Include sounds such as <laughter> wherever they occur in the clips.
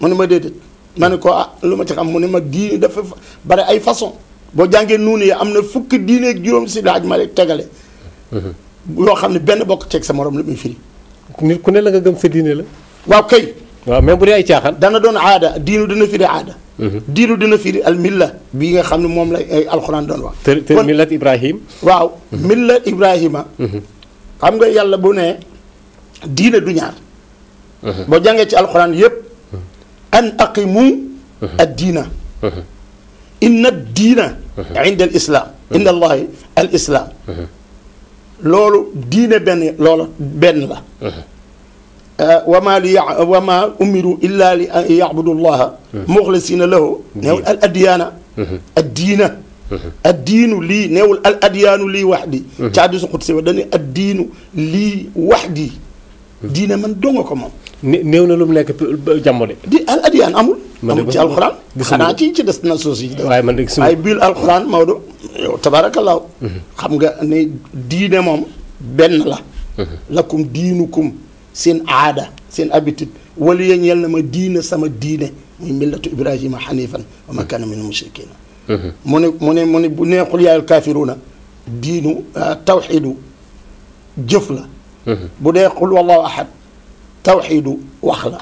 mu ne ma déedéet ma ne ko ah lu ma ci xam mu ne ma diine dafa bare ay façon boo jàngee nuunu yi am na fukk diine ak juróom si laaj ma tegale. Mhm. yoo xam ne benn bokk teg sa morom lu muy firi. nit ku ne la nga gëm sa diine la. waaw kay. waaw même bu dee ay caaxaan. dana doon aada diinu dina firi aada. Mhm. diinu dina firi al milla bii nga xam ne moom la eh, alxuraan doon wax. te te Ibrahim. waaw mhm. milla Ibrahima. xam nga yàlla bu ne diine du ñaar. boo jàngee ci alxuraan yépp an aqimu addiina inna diina uh-huh. inda al islaam uh-huh. inda allahi al islaam uh-huh. loolu diine benn loola benn la uh, wama li wama umiru illa li an yabudu llaha muxlisina lahu neewul al addiyaana addiina addiinu lii neewul al addiyaanu lii wax di ca hadiisu qudsi ba dañu addiinu lii wax di diine man donga ko moom. néew na lu mu lekk jàmbo de. di al ah, adiyaan amul. amul ci alxuraan. xanaa ci ci des na suuf yi. waaye man de gisuma ay biir alxuraan Maodo. yow tabaarakallaahu mm-hmm. xam nga ne diine moom benn la. Mm-hmm. lakum diinukum seen aada seen habitude wala yéen yal na ma diine sama diine muy millatu Ibrahima xanifan wa ma kana min mushrikina mm-hmm. mu ne mu ne mu ne bu neexul yaayal kaafiruuna diinu ah, tawxiidu jëf la. bu dee xul wallahu ahad tawxiidu wax la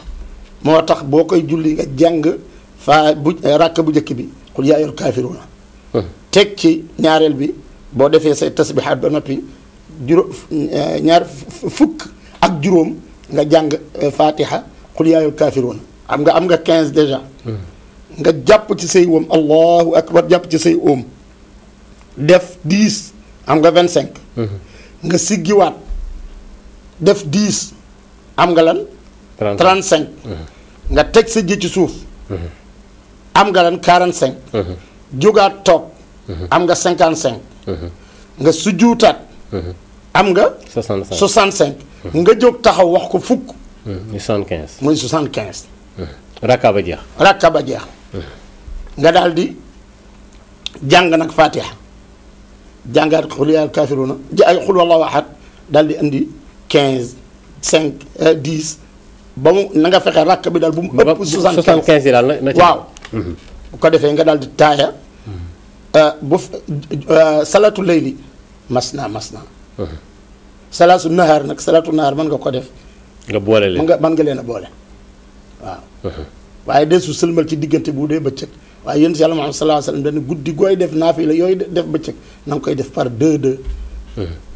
moo tax boo koy julli nga jàng faa bu eh, ràkk bu njëkk bi xul yaa ayyuhal teg ci ñaareel bi boo defee say tasbihaat ba noppi juróom eh, ñaar fukk ak juróom nga jàng eh, fatiha xul yaa ayyuhal am nga am nga 15 déjà nga jàpp ci say wóom allahu akbar jàpp ci say oom def 10 am nga 25 nga siggiwaat def 10 am nga lan. 35 mhm. nga teg sa ji suuf. Mhm. am nga lan 45. Mhm. jógaat toog. am nga 55. nga sujuutaat. am nga. 65 65. nga jóg taxaw wax ko fukk. muy 75 muy 75. rakka ba jeex. rakka ba jeex. nga daal di jàng nag Fatiha jàngaat xul yaa kaafiruuna ji ay xul wallaahu ahad daal di indi quinze cinq euh, dix ba mu na nga fexe rakk bi daal bu mu ëpp. soixante quinze yi daal na waaw. Mm-hmm. bu ko defee nga daal di taaya. Euh, bu euh, salatu layli mas naa mas naa. Mm-hmm. salatu nahaar nag salatu nahaar mën nga ko def. nga boole leen mën nga leen a boole waaw. Mm-hmm. waaye de su sëlmal ci diggante bu dee bëccëg waaye yéen si yàlla Muhammad sallallahu alayhi wa sallam dañu guddi gooy def naafila yooyu def bëccëg na nga koy def par deux deux.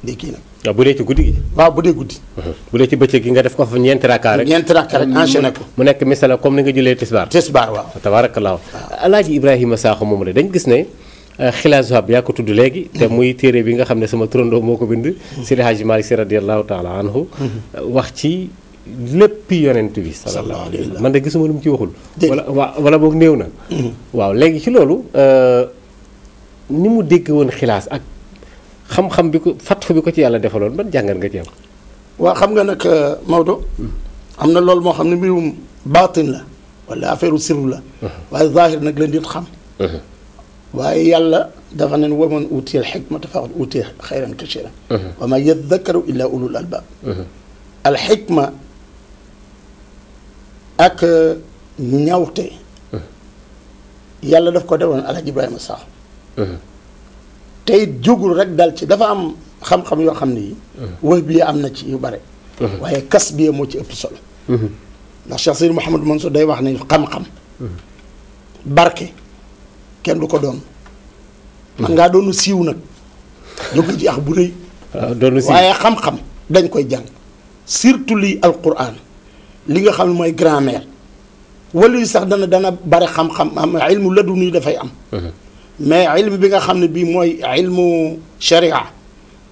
day kii nag. waaw ah, bu dee ci guddi gi. waaw bu dee guddi. Ah, bu dee ci bëccëg gi nga def ko fa ñeenti rakka rek mu nekk misala comme ni nga jullee tisbaar. tisbaar waaw tabaarakallaa. waaw Alaaji Ibrahima Sakho moom la dañ gis ne. Eh, xilaasu hab yaa ko tudd léegi. te muy téere bi nga xam ne sama turandoo moo ko bind. Seydi Hajji Maalik Si radiyallaahu taala mhm. wax ci lépp yonent bi. wa sallam man de gisuma lu mu ci waxul. wala waa wala boog néew na. Mhm. waaw léegi ci loolu eh, ni mu dégg woon xilaas xam-xam bi ko fattu bi ko ci yàlla defaloon ban jàngat nga ci am. waaw xam nga nag euh, Maodo. am na loolu moo xam ne mbirum baatin la wala affaire sirru la. Uh-huh. waaye zaahir nag la nit xam. Uh-huh. waaye yàlla dafa ne wa man uutiya al-hikmata faqad uutiya xayran kasiiran. Uh-huh. wa ak euh, ñawte. yàlla daf ko defoon El Hadj Ibrahima te jógul rek dal ci dafa am xam-xam yoo xam ni. Uh-huh. wax am na ci yu bare. Uh-huh. waaye kas bi moo ci ëpp solo. Uh-huh. ndax Cheikh Seydou Mouhamadou soo day wax ne xam-xam. barke kenn du ko doon. man ngaa doonu siiw nag jóge ci ax bu rëy. Ah, doonu waaye xam-xam dañ koy jàng surtout lii alquran li nga xam mooy mooy grammaire wala sax dana dana bare xam-xam am ilmu laduni dafay am. mais ilm bi nga xam ne bii mooy ilmu sharia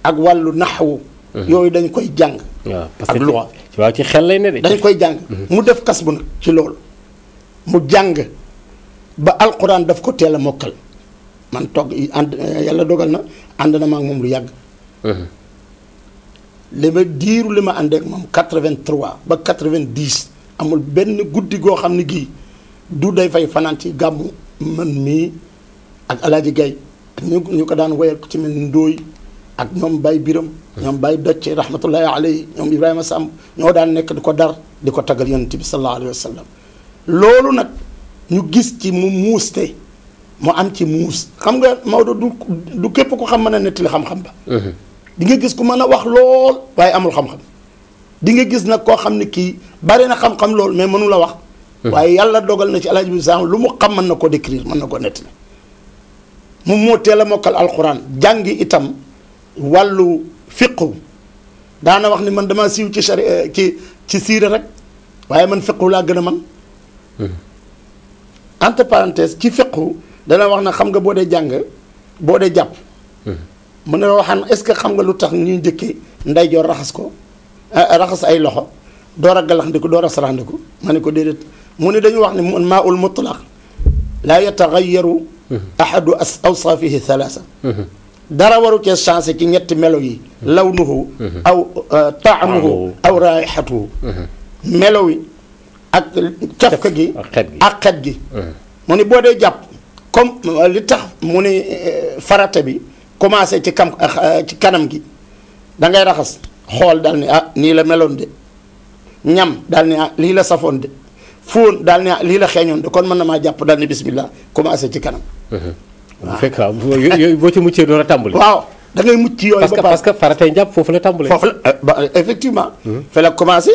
ak wàllu naxwu mhm. yooyu dañ koy jàng ak luxa waaw ci xel lay ne de dañ koy jàng mhm. mu def kas bu nag ci loolu mu jàng ba alquran daf ko teel a mokkal man togg yàlla dogal na ànd na ma moom lu yàgg mhm. li ma diiru li ma àndeek moom 83 ba 90 amul benn guddi goo xam ne gii du day fay fanaan ci gàmmu man mii ak Alaaji Gay ak ñu ñu ko daan woyal ci mel ndóoy ak ñoom Baye Biram ñoom Baye Docce rahmatullahi alayhi ñoom Ibrahima Samb ñoo daan nekk di ko dar di ko tagal yonent bi sallallahu alayhi wa loolu nag ñu gis ci mu muus te mu am ci muus xam nga Maodo du du képp ko xam mën a nettali xam-xam ba mhm. di nga gis ko mën a wax lool waaye amul xam-xam di nga gis nag koo xam ne kii bari na xam-xam lool mais mënula wax mhm. waaye yàlla dogal na ci alaaji bi sam lu mu xam mën na ko décrire mën na ko nettali mu moo teel a mokkal alxuraan jàngi itam wàllu fiqu daana wax ni man dama siiw ci sari eh, ci ci siira rek waaye man fiqu laa gën a man hmm. entre parenthèse ci fiqu dana wax na xam nga boo dee jàng boo dee jàpp hmm. mën na waxaan est-ce que xam nga lu tax ñuy njëkkee ndeyjoor raxas ko eh, raxas ay loxo door a galaxndiku door a saraxndiku ma ne ko déedéet mu ne dañu wax ne man maa ul mutlaq laa yaru Mm-hmm. ahadu as awsaafihi thalaasa mm-hmm. dara waru cee changé ci ñetti melo yi mm-hmm. lawnuhu aw uh, taamuhu aw raayixatuhu melow yi ak cafka gi ak xet gi mu ni boo dee jàpp comme uh, li tax mu ni uh, farata bi commencé ci ci kanam gi dangay raxas xool daal ni ah nii la meloon de ñam daal ni ah lii la safoon de fóon daal ne lii la xeeñoon de kon mën na maa jàpp daal ne bismillah commencé ci kanam. waaw boo ci muccee door a tàmbali. waaw da ngay mucc que faratay njàpp foofu la tàmbalee. foofu la euh, ba effectivement. commencé.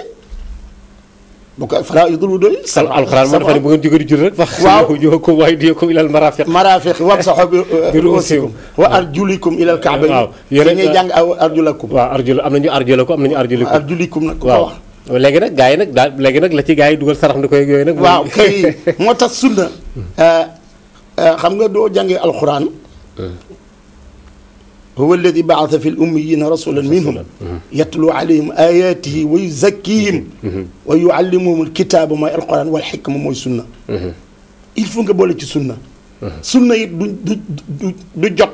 bu ko fala yudul wu doy. sa alxuraan ma dafa ne bu ngeen jógee di jur rek. wax <laughs> ko waaye di ko ilal marafiq. marafiq euh, <laughs> wa arjulikum ilal kaaba. waaw yéen a ngi jàng arjulakum. waaw arjul am nañu arjulakum am nañu arjulikum. arjulikum nag ko léegi nag gars yi nag daal léegi nag la ci gars yi dugal sarax ndi koy yooyu nag. waaw kay <laughs> moo tax sunna euh, euh, xam nga doo jàngee alxuraan. Eh. huwa alladi baasa fi l ummiyina rasulan minhum mm-hmm. yatlu alayhim ayatihi wa yuzakkihim mm-hmm. wa yuallimuhum alkitaaba mooy alquran wal xikma mooy sunna mm-hmm. il faut nga boole ci sunna sunna it du du jot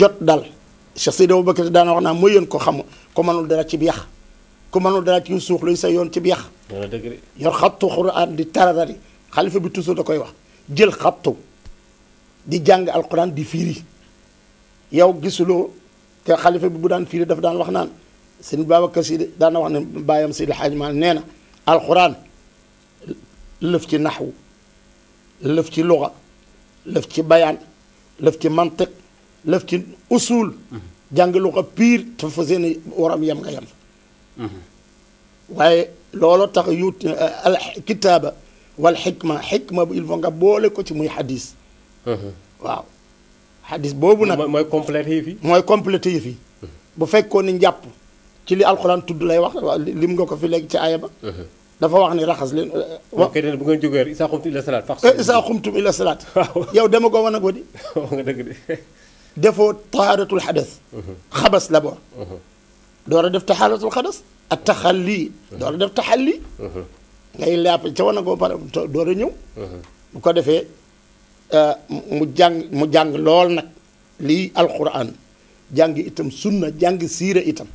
jot dal Cheikh Seydi Aboubacar daana wax naa mooy yéen ko xam ko mënul dara ci bi ku mënul dara ci suux luy sa yoon ci bi yax yor xattu xuraan di tararari xalifa bi toujours da koy wax jël xattu di jàng alquran di fiiri yow gisuloo te xalifa bi bu daan fiiri dafa daan wax naan sëñ Babacar Si daan na wax ne si Seydi Xaaj Maalik nee na alquran lëf ci naxwu lëf ci luga lëf ci bayaan lëf ci mantiq lëf ci usul mhm. jàng luga piir te fa seen waram yem nga yem Mm-hmm. waaye looloo tax yu eh, al kitaaba wal xikma xikma il faut nga boole ko ci muy xadis. Mm-hmm. waaw xadis boobu nag. mooy complété yi fi. mooy complété yi fi mm-hmm. bu fekkoon ni njàpp ci li alxuraan tudd lay wax lim nga ko fi léegi ci aaya ba. dafa wax ni raxas leen. Eh, waaw kay bu ngeen jógee isa xumtum ila salaat. fax eh, isa xumtum ila salaat. <laughs> yow dama ko wan a ko di. nga dëgg de. defoo taaratul xadas. xabas la door a def taxaalatul xadas ak taxalli door a def taxalli ngay lapp ca wan a koo pare door a ñëw bu ko defee euh, mu jàng mu jàng lool nag lii alquran jàng itam sunna jàng siira itam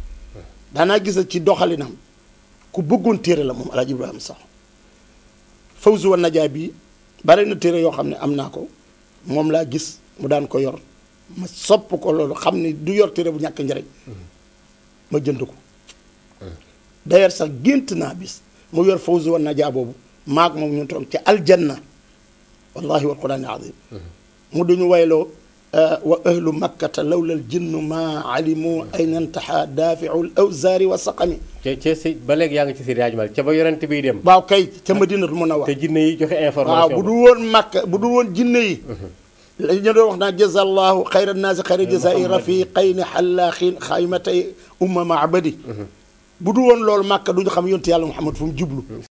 daanaa gisa ci doxalinam ku bëggoon téere la moom alaaj ibrahima sax fawzu wa najaa bi bare na téere yoo xam ne am naa ko moom laa gis mu daan ko yor ma sopp ko loolu xam ne du yor téere bu ñàkk njëriñ ma jënd ko d'ailleurs sax gént naa bis mu yor fawzu wa najaa boobu maag moom ñu toog ci aljanna wallahi wal quraan azim mu duñu wayloo eh, wa ahlu makkata lawla al jinnu ma alimu ayna ntaha daafiu l awzaari wa saqami ca si ba léegi yaa ngi ci si raaj mal ca ba yonent biy dem waaw kay ca madinatu mun a wax te jinne joxe information bu du woon makka bu du woon jinne yi uh-huh. ñu doon wax naa jazallahu xayra naasi xayra jazai rafiqayni xallaaxin xaymatay umma maabadi mhm. bu du woon loolu màkka duñu xam yonte yàlla muhammad fu mu jublu